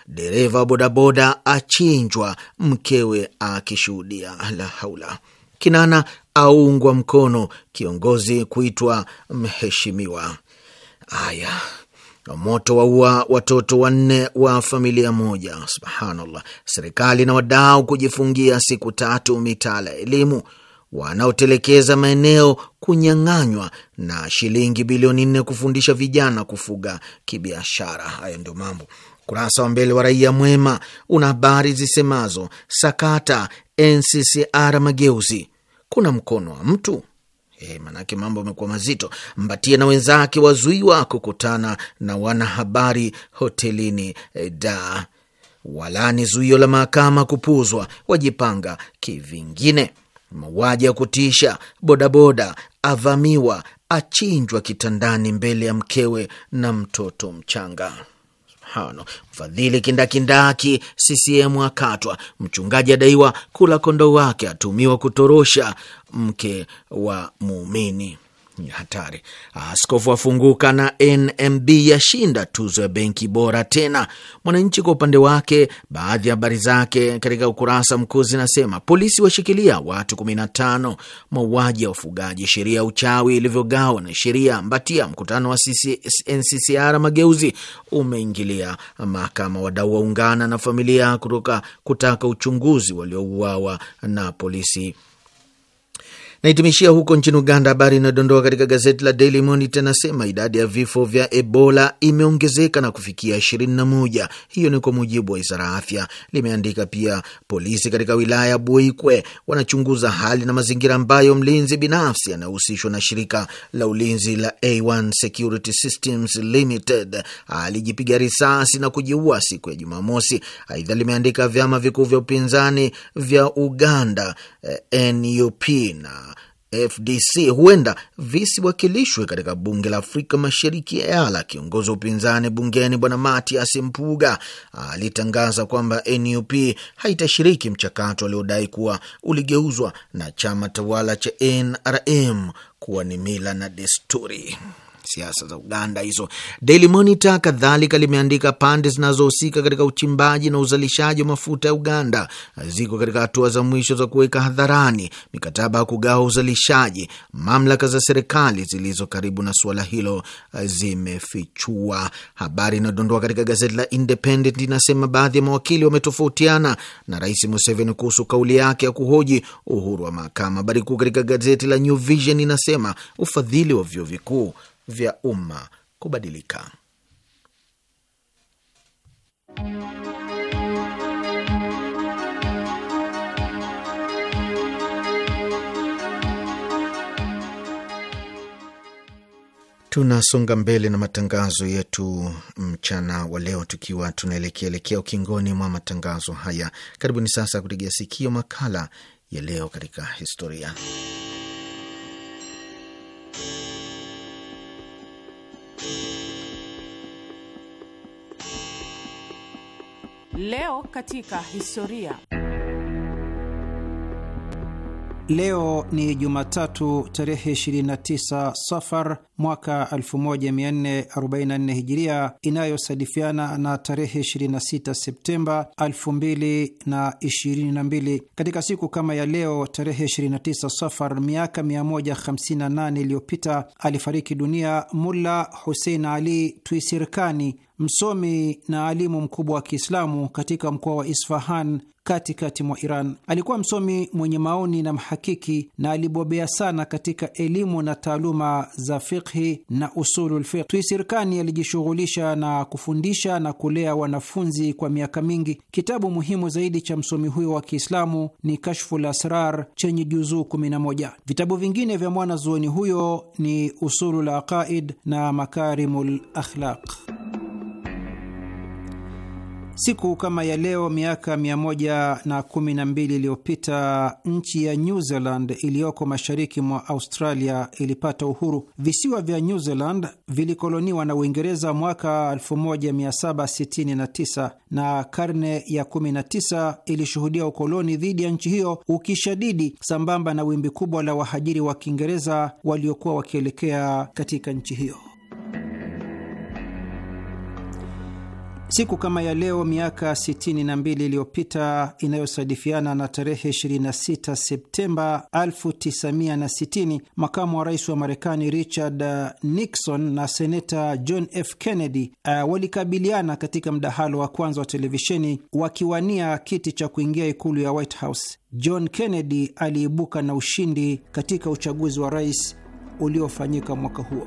Dereva bodaboda achinjwa, mkewe akishuhudia. La haula. Kinana aungwa mkono, kiongozi kuitwa mheshimiwa. Haya, na moto waua watoto wanne wa familia moja. Subhanallah. Serikali na wadau kujifungia siku tatu mitaala ya elimu, wanaotelekeza maeneo kunyang'anywa, na shilingi bilioni nne kufundisha vijana kufuga kibiashara. Hayo ndio mambo. kurasa wa mbele wa Raia Mwema una habari zisemazo sakata NCCR mageuzi, kuna mkono wa mtu E, manake mambo amekuwa mazito. Mbatia na wenzake wazuiwa kukutana na wanahabari hotelini e, da walani zuio la mahakama kupuzwa, wajipanga kivingine. Mauaji ya kutisha, bodaboda avamiwa, achinjwa kitandani mbele ya mkewe na mtoto mchanga. Hano mfadhili kindakindaki, CCM akatwa. Mchungaji adaiwa kula kondoo wake, atumiwa kutorosha mke wa muumini ni hatari. Askofu afunguka na NMB yashinda tuzo ya benki bora tena. Mwananchi kwa upande wake, baadhi ya habari zake katika ukurasa mkuu zinasema polisi washikilia watu 15, mauaji ya wafugaji, sheria ya uchawi ilivyogawa na sheria mbatia. Mkutano wa NCCR Mageuzi umeingilia mahakama, wadau waungana na familia kutoka kutaka uchunguzi waliouawa na polisi naitimishia huko nchini Uganda. Habari inayodondoka katika gazeti la Daily Monitor inasema idadi ya vifo vya Ebola imeongezeka na kufikia 21. Hiyo ni kwa mujibu wa wizara ya afya. Limeandika pia polisi katika wilaya ya Buikwe wanachunguza hali na mazingira ambayo mlinzi binafsi anayehusishwa na shirika la ulinzi la A1 Security Systems Limited alijipiga risasi na kujiua siku ya Jumamosi. Aidha, limeandika vyama vikuu vya upinzani vya Uganda eh, NUP na FDC huenda visiwakilishwe katika bunge la Afrika Mashariki EALA. Kiongozi wa upinzani bungeni Bwana matias mpuga alitangaza kwamba NUP haitashiriki mchakato aliodai kuwa uligeuzwa na chama tawala cha NRM kuwa ni mila na desturi siasa za Uganda hizo. Daily Monitor kadhalika limeandika pande zinazohusika katika uchimbaji na uzalishaji wa mafuta ya Uganda ziko katika hatua za mwisho za kuweka hadharani mikataba ya kugawa uzalishaji. Mamlaka za serikali zilizo karibu na suala hilo zimefichua. Habari inayodondoa katika gazeti la Independent inasema baadhi ya mawakili wametofautiana na Rais Museveni kuhusu kauli yake ya kuhoji uhuru wa mahakama. Habari kuu katika gazeti la New Vision inasema ufadhili wa vyuo vikuu vya umma kubadilika. Tunasonga mbele na matangazo yetu mchana wa leo, tukiwa tunaelekea elekea ukingoni mwa matangazo haya. Karibuni sasa kutegea sikio makala ya leo katika historia Leo katika historia. Leo ni Jumatatu tarehe 29 Safar mwaka 1444 Hijiria, inayosadifiana na tarehe 26 Septemba 2022. Katika siku kama ya leo tarehe 29 Safar, miaka 158 iliyopita, alifariki dunia Mulla Husein Ali Twisirkani, msomi na alimu mkubwa wa Kiislamu katika mkoa wa Isfahan katikati mwa Iran. Alikuwa msomi mwenye maoni na mhakiki na alibobea sana katika elimu na taaluma za fikhi na usulul fiqh. Tuisirkani alijishughulisha na kufundisha na kulea wanafunzi kwa miaka mingi. Kitabu muhimu zaidi cha msomi huyo wa Kiislamu ni Kashful Asrar chenye juzuu 11. Vitabu vingine vya mwanazuoni huyo ni Usulul Aqaid na Makarimul Akhlaq. Siku kama ya leo miaka 112 iliyopita nchi ya New Zealand iliyoko mashariki mwa Australia ilipata uhuru. Visiwa vya New Zealand vilikoloniwa na Uingereza mwaka 1769 na karne ya 19 ilishuhudia ukoloni dhidi ya nchi hiyo ukishadidi, sambamba na wimbi kubwa la wahajiri wa Kiingereza waliokuwa wakielekea katika nchi hiyo. Siku kama ya leo miaka 62 iliyopita inayosadifiana na tarehe 26 Septemba 1960, makamu wa rais wa Marekani Richard uh, Nixon na seneta John F. Kennedy uh, walikabiliana katika mdahalo wa kwanza wa televisheni wakiwania kiti cha kuingia ikulu ya White House. John Kennedy aliibuka na ushindi katika uchaguzi wa rais uliofanyika mwaka huo.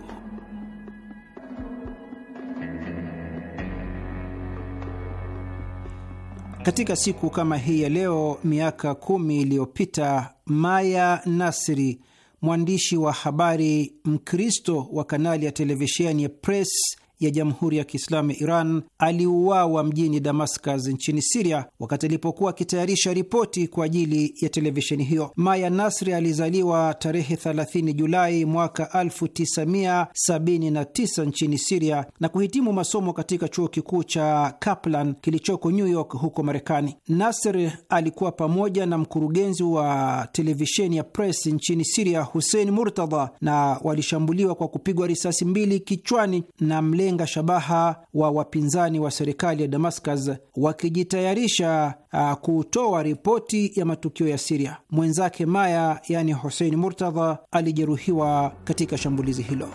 Katika siku kama hii ya leo miaka kumi iliyopita Maya Nasri, mwandishi wa habari Mkristo wa kanali ya televisheni ya Press ya Jamhuri ya Kiislamu Iran aliuawa mjini Damascus nchini Siria wakati alipokuwa akitayarisha ripoti kwa ajili ya televisheni hiyo. Maya Nasri alizaliwa tarehe 30 Julai mwaka 1979 nchini Siria na kuhitimu masomo katika chuo kikuu cha Kaplan kilichoko New York huko Marekani. Nasr alikuwa pamoja na mkurugenzi wa televisheni ya Press nchini Siria, Hussein Murtadha, na walishambuliwa kwa kupigwa risasi mbili kichwani na mle wamejenga shabaha wa wapinzani wa serikali ya Damascus wakijitayarisha uh, kutoa ripoti ya matukio ya Siria. Mwenzake Maya, yani Husein Murtadha, alijeruhiwa katika shambulizi hilo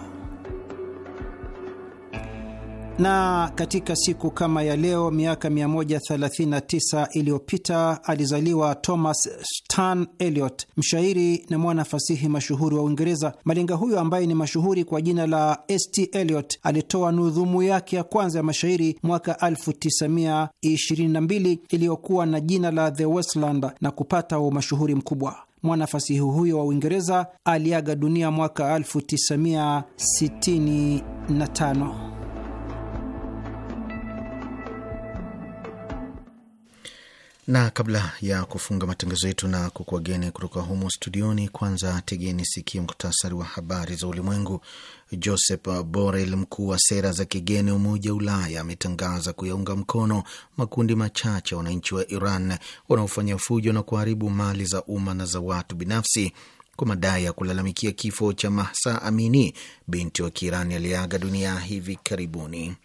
na katika siku kama ya leo miaka 139 iliyopita alizaliwa Thomas Stan Eliot, mshairi na mwana fasihi mashuhuri wa Uingereza. Malenga huyo ambaye ni mashuhuri kwa jina la St Eliot alitoa nudhumu yake ya kwanza ya mashairi mwaka 1922 iliyokuwa na jina la The Westland na kupata umashuhuri mkubwa. Mwanafasihi huyo wa Uingereza aliaga dunia mwaka 1965. na kabla ya kufunga matangazo yetu na kukuageni kutoka humo studioni, kwanza tegeni sikia mktasari wa habari za ulimwengu. Joseph Borrell, mkuu wa sera za kigeni Umoja wa Ulaya, ametangaza kuyaunga mkono makundi machache ya wananchi wa Iran wanaofanya fujo na kuharibu mali za umma na za watu binafsi kwa madai ya kulalamikia kifo cha Mahsa Amini, binti wa Kiirani aliyeaga dunia hivi karibuni.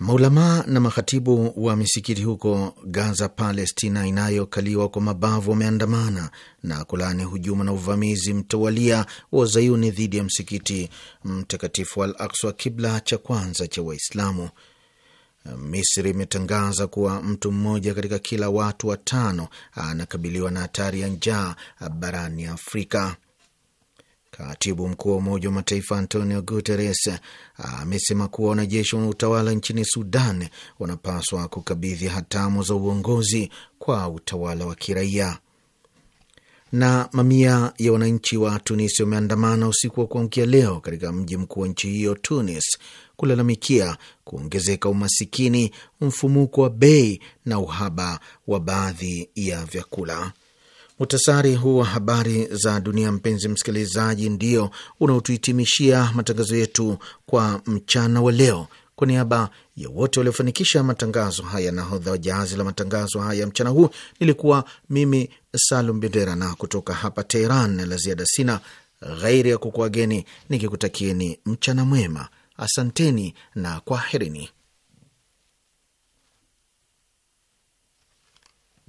Maulamaa na makhatibu wa misikiti huko Gaza, Palestina inayokaliwa kwa mabavu wameandamana na kulaani hujuma na uvamizi mtawalia wa Zayuni dhidi ya msikiti mtakatifu Al Akswa, kibla cha kwanza cha Waislamu. Misri imetangaza kuwa mtu mmoja katika kila watu watano anakabiliwa na hatari ya njaa barani Afrika. Katibu mkuu wa Umoja wa Mataifa Antonio Guterres amesema kuwa wanajeshi wa utawala nchini Sudan wanapaswa kukabidhi hatamu za uongozi kwa utawala wa kiraia. Na mamia ya wananchi wa tunis wameandamana usiku wa kuamkia leo katika mji mkuu wa nchi hiyo Tunis, kulalamikia kuongezeka umasikini, mfumuko wa bei na uhaba wa baadhi ya vyakula. Muhtasari huu wa habari za dunia, mpenzi msikilizaji, ndio unaotuhitimishia matangazo yetu kwa mchana wa leo. Kwa niaba ya wote waliofanikisha matangazo haya, nahodha wa jahazi la matangazo haya mchana huu nilikuwa mimi Salum Bendera, na kutoka hapa Teheran la ziada sina ghairi ya kukuageni nikikutakieni mchana mwema. Asanteni na kwaherini.